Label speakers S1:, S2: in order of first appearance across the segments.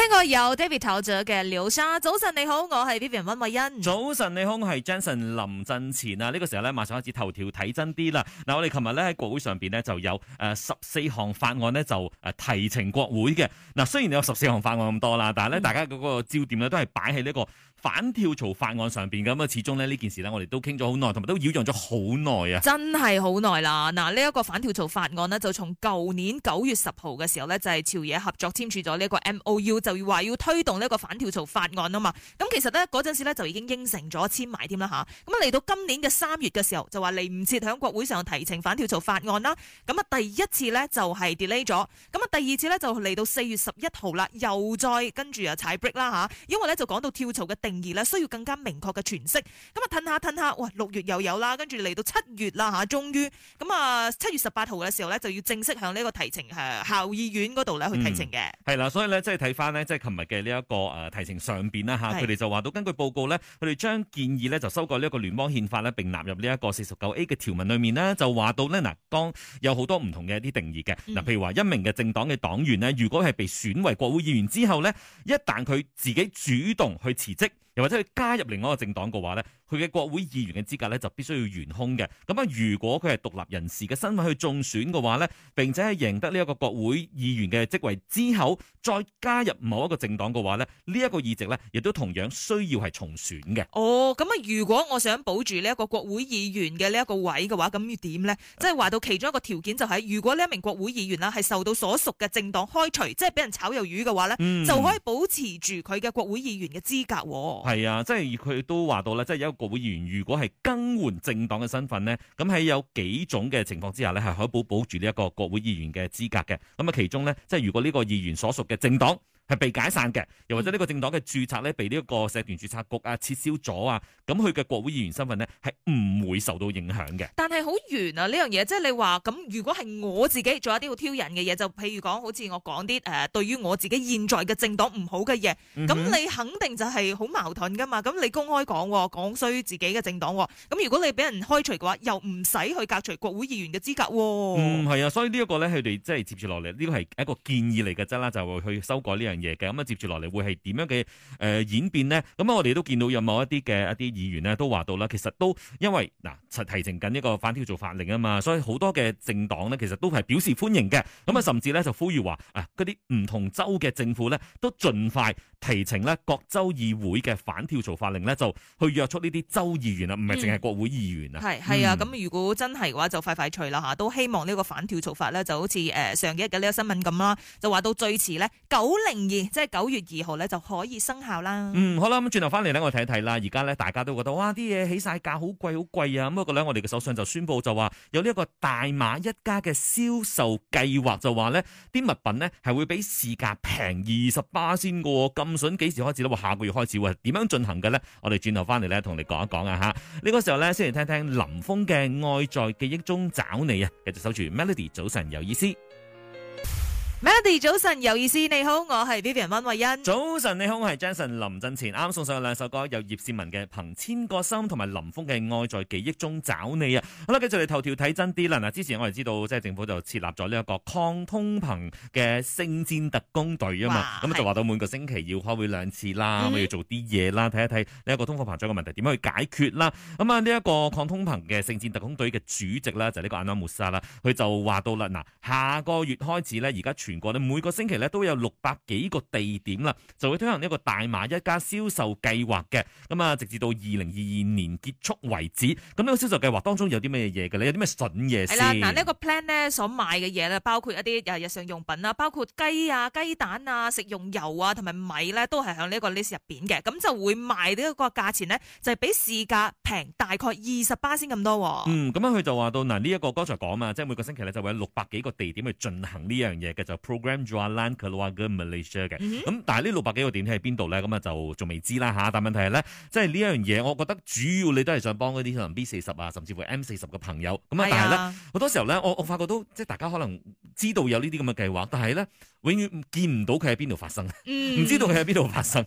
S1: 聽過有 David 頭像嘅廖沙，早晨你好，我係 Vivian 溫慧欣。
S2: 早晨你好，我係 Jason 林振前啊！呢個時候咧，馬上開始頭條睇真啲啦。嗱，我哋琴日咧喺國會上邊咧就有誒十四項法案咧就誒提呈國會嘅。嗱，雖然有十四項法案咁多啦，但係咧大家嗰個焦點咧都係擺喺呢個。反跳槽法案上邊咁啊，始終咧呢這件事呢，我哋都傾咗好耐，同埋都擾攘咗好耐啊！真
S1: 係好耐啦。嗱，呢一個反跳槽法案呢，就從舊年九月十號嘅時候呢，就係朝野合作簽署咗呢一個 MOU，就要話要推動呢一個反跳槽法案啊嘛。咁其實呢，嗰陣時咧就已經應承咗簽埋添啦吓，咁啊，嚟到今年嘅三月嘅時候，就話嚟唔切響國會上提呈反跳槽法案啦。咁啊，第一次呢，就係 delay 咗。咁啊，第二次呢，就嚟到四月十一號啦，又再跟住啊踩 break 啦吓，因為呢，就講到跳槽嘅定義咧需要更加明確嘅詮釋。咁啊，褪下褪下，哇！六月又有啦，跟住嚟到七月啦吓、啊，終於咁啊，七月十八號嘅時候咧就要正式向呢個提呈誒、啊，校議院嗰度咧去提呈嘅。
S2: 係啦、嗯，所以咧即係睇翻呢，即係琴日嘅呢一個誒提呈上邊啦吓，佢哋就話到根據報告呢，佢哋將建議呢就修改呢一個聯邦憲法呢並納入呢一個四十九 A 嘅條文裏面呢，就話到呢。嗱，當有好多唔同嘅一啲定義嘅嗱，譬、嗯、如話一名嘅政黨嘅黨員呢，如果係被選為國會議員之後呢，一旦佢自己主動去辭職。又或者佢加入另外一個政黨嘅話咧，佢嘅國會議員嘅資格咧就必須要懸空嘅。咁啊，如果佢係獨立人士嘅身份去中選嘅話咧，並且係贏得呢一個國會議員嘅職位之後，再加入某一個政黨嘅話咧，呢、這、一個議席咧亦都同樣需要係重選嘅。哦，咁啊，如
S1: 果我想保住呢一個國會議員嘅呢一個位嘅話，咁要點咧？即係話到其中一個條件就係、是，如果呢一名國會議員啦係受到所屬嘅政黨開除，即係俾人炒魷魚嘅話咧，就可以保持住佢嘅國會議員嘅資格。
S2: 係、嗯、啊，即係佢都話到啦，即、就、係、是、有。國會議員如果係更換政黨嘅身份咧，咁喺有幾種嘅情況之下咧，係可以保保住呢一個國會議員嘅資格嘅。咁啊，其中咧，即係如果呢個議員所屬嘅政黨係被解散嘅，又或者呢個政黨嘅註冊咧被呢一個社團註冊局啊撤銷咗啊，咁佢嘅國會議員身份呢，係唔會受到影響嘅。
S1: 但係好懸啊呢樣嘢，即係你話咁，如果係我自己做一啲好挑釁嘅嘢，就譬如講好似我講啲誒，對於我自己現在嘅政黨唔好嘅嘢，咁、嗯、哼你肯定就係好矛盾噶嘛。咁你公開講講衰自己嘅政黨，咁如果你俾人開除嘅話，又唔使去革除國會議員嘅資格、哦。嗯，
S2: 係啊，所以呢一個呢，佢哋即係接住落嚟，呢、這個係一個建議嚟嘅啫啦，就去修改呢樣。嘢嘅咁啊，接住落嚟會係點樣嘅誒演變呢？咁啊，我哋都見到有某一啲嘅一啲議員呢都話到啦，其實都因為嗱、啊、提呈緊呢個反跳槽法令啊嘛，所以好多嘅政黨呢其實都係表示歡迎嘅。咁啊，甚至呢，就呼籲話啊，嗰啲唔同州嘅政府呢都盡快提呈呢各州議會嘅反跳槽法令呢，就去約束呢啲州議員啊，唔係淨係國會議員、嗯嗯、啊。係係啊，
S1: 咁如果真係嘅話，就快快脆啦嚇，都希望呢個反跳槽法呢就好似誒上幾日嘅呢個新聞咁啦，就話到最遲呢。九零。即係九月二號咧，就可以生效啦。嗯，
S2: 好啦，咁轉頭翻嚟咧，我睇一睇啦。而家咧，大家都覺得哇，啲嘢起晒價，好貴，好貴啊！不過咧我哋嘅首相就宣布就話有呢一個大馬一家嘅銷售計劃，就話呢啲物品呢係會比市價平二十巴仙噶。咁筍幾時開始呢？下個月開始會點樣進行嘅呢？我哋轉頭翻嚟咧，同你講一講啊！吓，呢個時候呢，先嚟聽聽林峰嘅《愛在記憶中找你》啊！繼續守住 Melody，早晨有意思。
S1: Mandy 早晨有意思，你好，我係 Vivian 溫慧欣。
S2: 早晨你好，我係 Jason 林振前。啱啱送上兩首歌，由葉倩文嘅《憑千個心》同埋林峯嘅《愛在記憶中找你》啊。好啦，繼續嚟頭條睇真啲啦。嗱，之前我哋知道即係政府就設立咗呢一個抗通膨嘅聖戰特工隊啊嘛，咁哇就話到每個星期要開會兩次啦，的要做啲嘢啦，睇一睇呢一個通貨膨脹嘅問題點樣去解決啦。咁啊呢一個抗通膨嘅聖戰特工隊嘅主席啦就係呢個阿拉穆沙啦，佢就話到啦，嗱下個月開始咧，而家全國每個星期咧都有六百幾個地點啦，就會推行呢個大馬一家銷售計劃嘅。咁啊，直至到二零二二年結束為止。咁呢個銷售計劃當中有啲咩嘢嘅咧？有啲咩筍嘢先？係啦，嗱呢一個
S1: plan 咧所賣嘅嘢咧，包括一啲日常用品啦，包括雞啊、雞蛋啊、食用油啊同埋米咧，都係響呢一個 list 入邊嘅。咁就會賣呢一個價錢呢，就係比市價平大概二十巴仙咁多。嗯，
S2: 咁樣佢就話到嗱，呢、這、一個剛才講啊即係每個星期咧就會有六百幾個地點去進行呢樣嘢嘅就。Program Draw Line Keluarga Malaysia 嘅，咁、mm hmm. 但係呢六百幾個點喺邊度咧？咁啊就仲未知啦嚇。但問題係咧，即係呢樣嘢，我覺得主要你都係想幫嗰啲可能 B 四十啊，甚至乎 M 四十嘅朋友。咁啊，但係咧，好多時候咧，我我發覺都即係大家可能知道有呢啲咁嘅計劃，但係咧。永遠見唔到佢喺邊度發生，
S1: 唔、嗯、知道佢喺邊
S2: 度發生，唔、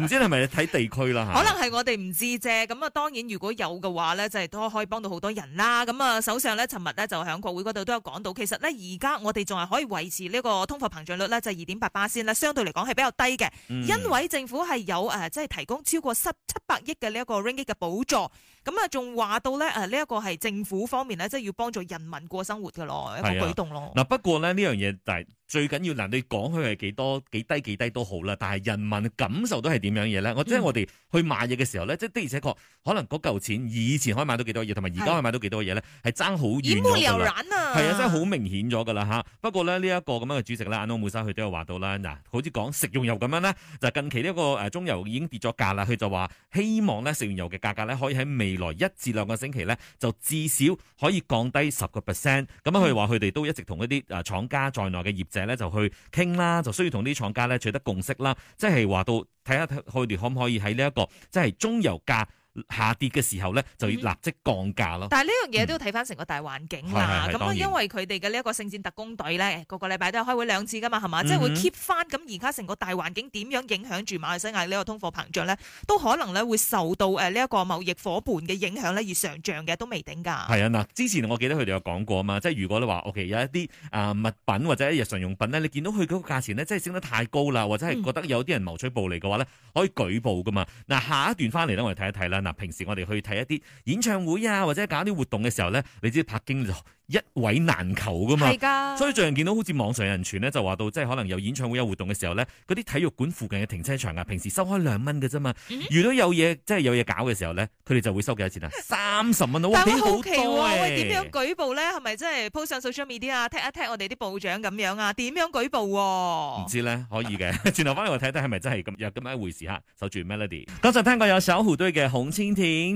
S2: 嗯、知係咪睇地區啦，可能
S1: 係我哋唔知啫。咁啊，當然如果有嘅話咧，就係、是、都可以幫到好多人啦。咁啊，首相咧，尋日咧就喺國會嗰度都有講到，其實咧而家我哋仲係可以維持呢個通貨膨脹率咧，就係二點八八先。啦，相對嚟講係比較低嘅，嗯、因為政府係有誒，即、呃、係提供超過十七百億嘅呢一個 Ringgit 嘅補助。咁啊，仲話到咧誒，呢、這、一個係政府方面咧，即、就、係、是、要幫助人民過生活嘅咯，的一個舉動咯。嗱、
S2: 啊，不過呢，呢樣嘢，但係最緊要。你講佢係幾多幾低幾低都好啦，但係人民感受都係點樣嘢咧？即我即係我哋去買嘢嘅時候咧，嗯、即係的而且確可能嗰嚿錢以前可以買到幾多嘢，同埋而家可以買到幾多嘢咧，係爭好遠㗎啦。係啊，真係好明顯咗㗎啦吓。不過呢，呢、這、一個咁樣嘅主席呢，安東武生佢都有話到啦。嗱、啊，好似講食用油咁樣啦，就近期呢、這、一個、呃、中油已經跌咗價啦，佢就話希望咧食用油嘅價格咧可以喺未來一至兩個星期咧就至少可以降低十個 percent。咁佢話佢哋都一直同一啲誒、呃、廠家在內嘅業者咧就去。傾啦，就需要同啲廠家咧取得共識啦，即係話到睇下佢哋可唔可以喺呢一個，即係中油價下跌嘅時候咧，就要立即降價咯。嗯、但
S1: 係呢樣嘢都要睇翻成個大環境啦。咁、嗯、因為佢哋嘅呢一個聖戰特工隊咧，個個禮拜都有開會兩次噶嘛，係嘛？嗯、哼即係會 keep 翻。咁而家成個大環境點樣影響住馬來西亞呢個通貨膨脹咧，都可能咧會受到呢一個貿易伙伴嘅影響咧而上漲嘅，都未定㗎。
S2: 係啊，嗱，之前我記得佢哋有講過啊嘛，即係如果你話 OK 有一啲啊物品或者日常用品咧，你見到佢嗰個價錢咧，真係升得太高啦，或者係覺得有啲人謀取暴利嘅話咧，嗯、可以舉報㗎嘛。嗱，下一段翻嚟咧，我哋睇一睇啦。嗱，平時我哋去睇一啲演唱會啊，或者搞啲活動嘅時候咧，你知拍京就一位難求噶嘛，係㗎的。所以最近見到好似網上有人傳咧，就話到即係可能有演唱會有活動嘅時候咧，嗰啲體育館附近嘅停車場啊，平時收開兩蚊嘅啫嘛，遇到、嗯、有嘢即係有嘢搞嘅時候咧，佢哋就會收幾多錢啊？三十蚊啊！但我好奇喎、哦，點樣、嗯、舉
S1: 報咧？係咪 真係 po 上 social media，啊、踢一踢我哋啲部長咁樣啊？點樣舉報、啊？唔
S2: 知咧，可以嘅。轉頭翻嚟我睇睇係咪真係咁有咁一回事啊？守住 Melody。嗰陣聽過有小虎隊嘅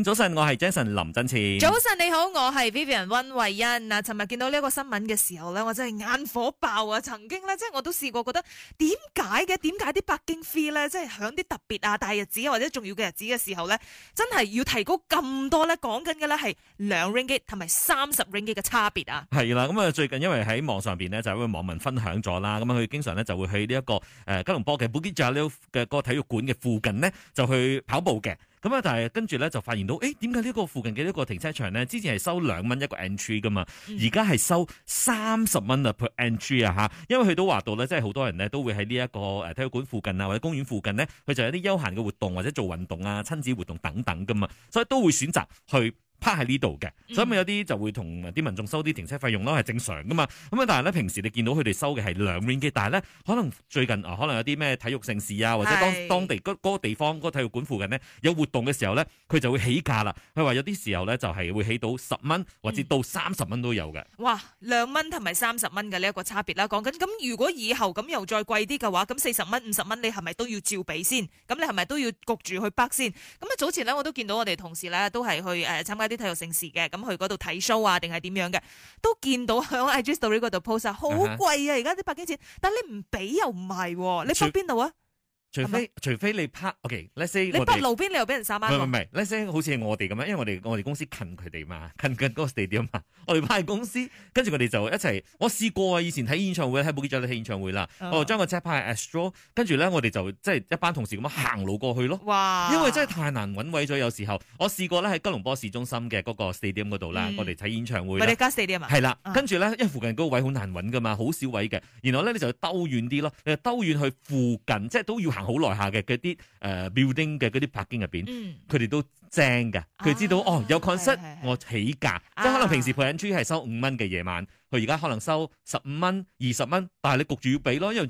S2: 早晨，我係 Jason 林振前。早
S1: 晨你好，我係 Vivian 溫慧欣。嗱，尋日見到呢一個新聞嘅時候咧，我真係眼火爆啊！曾經咧，即係我都試過，覺得點解嘅？點解啲北京 f e 飛咧，即係響啲特別啊大日子或者重要嘅日子嘅時候咧，真係要提高咁多咧？講緊嘅咧係兩 Ringgit 同埋三十 Ringgit 嘅差別啊！
S2: 係啦，咁啊，最近因為喺網上邊咧就有個網民分享咗啦，咁啊，佢經常咧就會去呢、這、一個誒吉隆坡嘅 Bukit Jalil 呢嘅個體育館嘅附近呢，就去跑步嘅。咁啊！但係跟住咧就發現到，誒點解呢個附近嘅呢個停車場咧，之前係收兩蚊一個 entry 噶嘛，而家係收三十蚊啊 per entry 啊吓，因為去到華道咧，即係好多人咧都會喺呢一個誒、呃、體育館附近啊，或者公園附近咧，佢就有啲休閒嘅活動或者做運動啊、親子活動等等噶嘛，所以都會選擇去。泊喺呢度嘅，所以咪有啲就會同啲民眾收啲停車費用咯，係、嗯、正常噶嘛。咁啊，但係咧，平時你見到佢哋收嘅係兩蚊嘅，但係咧可能最近啊、呃，可能有啲咩體育盛事啊，或者當，當地嗰、嗰個地方嗰、嗰個體育館附近呢，有活動嘅時候咧，佢就會起價啦。佢話有啲時候咧就係、是、會起到十蚊或者到三十蚊都有嘅。
S1: 哇，兩蚊同埋三十蚊嘅呢一個差別啦。講緊咁，如果以後咁又再貴啲嘅話，咁四十蚊、五十蚊，你係咪都要照俾先？咁你係咪都要焗住去北先？咁啊，早前咧我都見到我哋同事咧都係去、呃、參加。啲體育城市嘅，咁去嗰度睇 show 啊，定係點樣嘅，都見到響 IG story 嗰度 post 啊，好貴啊！而家啲百幾錢，但你唔俾又唔係、啊，你放邊度啊？
S2: 除非麼除非你拍 OK、okay, let's see 你不路
S1: 邊，們你又俾人撒唔唔唔
S2: ，let's see 好似我哋咁樣，因為我哋我哋公司近佢哋嘛，近近嗰個 Stadium 嘛，我哋派公司，跟住佢哋就一齊。我試過啊，以前睇演唱會，睇《木吉他》睇演唱會啦，啊、我將個車派喺 Astro，跟住咧我哋就即係一班同事咁樣行路過去咯。哇！因為真係太難揾位咗，有時候我試過咧喺吉隆坡市中心嘅嗰個 Stadium 嗰度啦，嗯、我哋睇演唱會。我哋加 Stadium 啊？係啦，啊、跟住咧，因為附近嗰個位好難揾噶嘛，好少的位嘅。然後咧你就兜遠啲咯，你就兜遠去附近，即係都要行。好耐下嘅嗰啲誒 building 嘅嗰啲 parking 入邊，佢哋、嗯、都正噶，佢知道、啊、哦有 concert 我起價，即係、啊、可能平時陪人出去係收五蚊嘅夜晚。佢而家可能收十五蚊、二十蚊，但係你焗住要俾咯，因為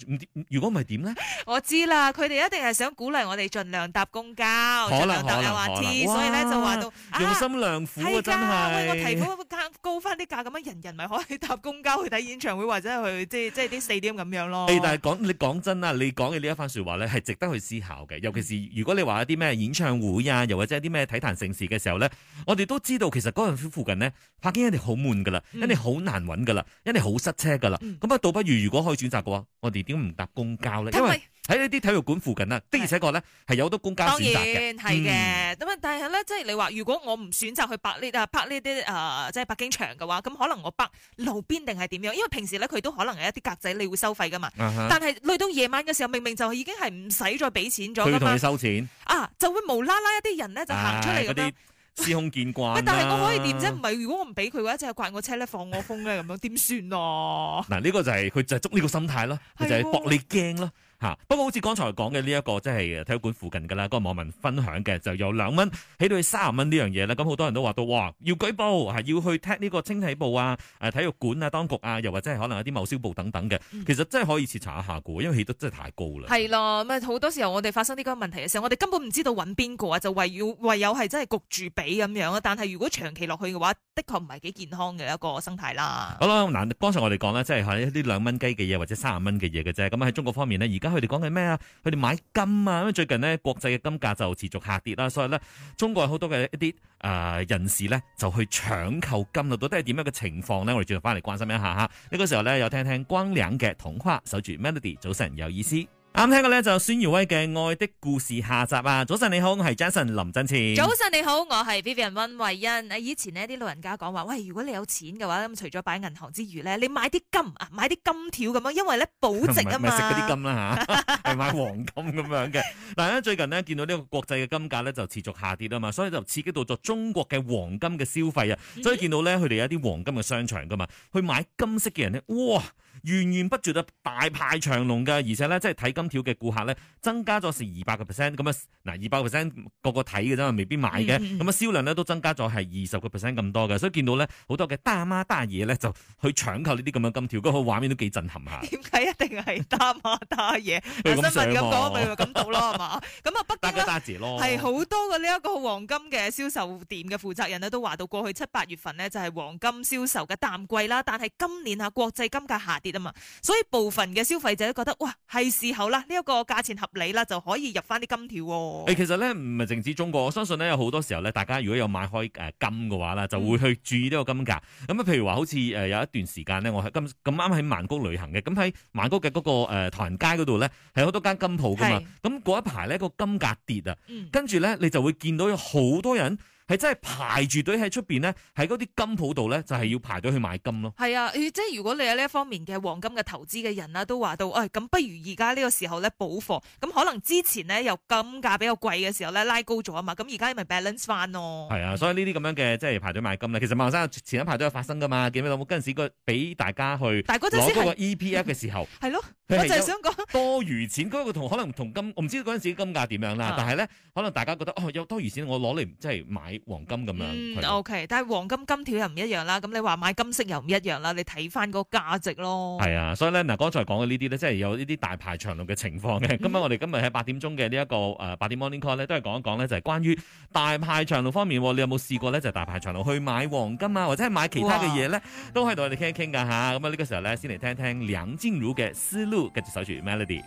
S2: 如果唔係點咧？呢
S1: 我知啦，佢哋一定係想鼓勵我哋盡量搭公交，可能搭 A R 所以咧就話到
S2: 哇用心良苦啊，係噶、啊，喂的，我
S1: 的提高翻啲價咁樣，人人咪可以搭公交去睇演唱會或者去即係即係啲四點咁樣咯。哎、但係
S2: 講，你講真啦，你講嘅呢一番說話咧係值得去思考嘅，尤其是如果你話一啲咩演唱會啊，又或者一啲咩體壇盛事嘅時候咧，我哋都知道其實嗰陣附近呢拍緊嘢，你好悶噶啦，你好、嗯、難搵。噶啦，因為好塞車噶啦，咁啊，倒不如如果可以選擇嘅話，我哋點唔搭公交咧？因為喺呢啲體育館附近啊，的而且確咧係有好多公交線，當然係
S1: 嘅，咁啊，但係咧，即係你話，如果我唔選擇去拍呢啊，拍呢啲啊，即係北京場嘅話，咁可能我北路邊定係點樣？因為平時咧佢都可能係一啲格仔，你會收費噶嘛。但係去到夜晚嘅時候，明明就已經係唔使再俾錢咗噶嘛。你收錢啊，就會無啦啦一啲人咧就行出嚟咁
S2: 司空見慣，喂！但係我可以點啫？唔係
S1: 如果我唔俾佢嘅話，一直係刮我車咧，放我風咧，咁樣點算啊？
S2: 嗱，呢個就係，佢就係捉呢個心態咯， 佢就係搏你驚咯。 吓，不過、啊、好似剛才講嘅呢一個即係體育館附近噶啦，嗰、那個網民分享嘅就有兩蚊起到去卅蚊呢樣嘢咧，咁好多人都話到哇要舉報，係要去踢呢個清洗部啊，誒、呃、體育館啊，當局啊，又或者係可能有啲某小部等等嘅，其實真係可以徹查一下嘅，因為起得真係太高啦。
S1: 係咯、嗯，好、嗯、多時候我哋發生呢個問題嘅時候，我哋根本唔知道揾邊個啊，就唯要唯有係真係焗住畀咁樣啊，但係如果長期落去嘅話，的確唔係幾健康嘅一個生態啦。
S2: 好啦，嗱、啊、剛才我哋講啦，即係喺呢兩蚊雞嘅嘢或者卅蚊嘅嘢嘅啫，咁喺中國方面呢。而佢哋講緊咩啊？佢哋買金啊，因為最近呢國際嘅金價就持續下跌啦，所以咧，中國好多嘅一啲誒、呃、人士咧就去搶購金啊。到底係點樣嘅情況咧？我哋轉頭翻嚟關心一下吓。呢、這個時候咧，有聽聽光良嘅童話，守住 Melody，早晨有意思。啱聽嘅咧就孫耀威嘅《愛的故事》下集啊！早晨你好，我係 Jason 林振前。早
S1: 晨你好，我係 Vivian 溫慧欣。啊，以前呢啲老人家講話，喂，如果你有錢嘅話，咁除咗擺銀行之餘咧，你買啲金啊，買啲金條咁樣，因為咧保值啊嘛。食嗰啲金
S2: 啦吓，係 買黃金咁樣嘅。但係，咧最近呢，見到呢個國際嘅金價咧就持續下跌啊嘛，所以就刺激到咗中國嘅黃金嘅消費啊，所以見到咧佢哋有啲黃金嘅商場噶嘛，去買金色嘅人咧，哇！源源不絕嘅大排長龍嘅，而且咧即係睇金條嘅顧客咧增加咗成二百個 percent，咁啊嗱二百個 percent 個個睇嘅啫，未必買嘅，咁啊銷量咧都增加咗係二十個 percent 咁多嘅，所以見到咧好多嘅大媽大爺咧就去搶購呢啲咁嘅金條，嗰個畫面都幾震撼下。點
S1: 解一定係大媽大爺？新聞咁講，咪咁到咯，係嘛 ？
S2: 咁啊，畢竟嘅大字咯，係
S1: 好多嘅呢一個黃金嘅銷售店嘅負責人咧都話到過去七八月份呢，就係黃金銷售嘅淡季啦，但係今年啊國際金價下跌。啊嘛，所以部分嘅消費者都覺得，哇，係時候啦，呢、這、一個價錢合理啦，就可以入翻啲金條喎、哦。
S2: 其實咧唔係淨止中國，我相信咧有好多時候咧，大家如果有買開誒金嘅話啦，就會去注意呢個金價。咁啊，譬如話好似誒有一段時間咧，我喺今咁啱喺曼谷旅行嘅，咁喺曼谷嘅嗰、那個、呃、唐人街嗰度咧，係好多間金鋪噶嘛。咁嗰是一排咧、那個金價跌啊，跟住咧你就會見到有好多人。係真係排住隊喺出邊咧，喺嗰啲金鋪度咧，就係、是、要排隊去買金咯。
S1: 係啊，即係如果你喺呢一方面嘅黃金嘅投資嘅人啦、啊，都話到，唉、哎，咁不如而家呢個時候咧補貨。咁可能之前咧由金價比較貴嘅時候咧拉高咗啊嘛，咁而家咪 balance 翻咯。
S2: 係、嗯、啊，所以呢啲咁樣嘅即係排隊買金啦。其實馬生前一排都有發生噶嘛，見唔見到？嗰陣時個俾大家去攞嗰個 E P F 嘅時候，
S1: 係 咯，我就係想
S2: 講多餘錢嗰個同可能同金，我唔知嗰陣時金價點樣啦，的但係咧可能大家覺得哦有多餘錢，我攞嚟即係買。黃金咁樣、嗯、是，O、okay,
S1: K，但係黃金金條又唔一樣啦，咁你話買金色又唔一樣啦，你睇翻個價值咯。係
S2: 啊，所以咧嗱，剛才講嘅呢啲咧，即係有呢啲大排長路嘅情況嘅。咁啊、嗯，今天我哋今日喺八點鐘嘅呢一個誒八點 morning call 咧，都係講一講咧，就係關於大排長路方面，你有冇試過咧？就大排長路去買黃金啊，或者係買其他嘅嘢咧，哇都可以同我哋傾一傾噶吓。咁啊，呢個時候咧，先嚟聽聽梁靜茹嘅思路，繼續守住 melody。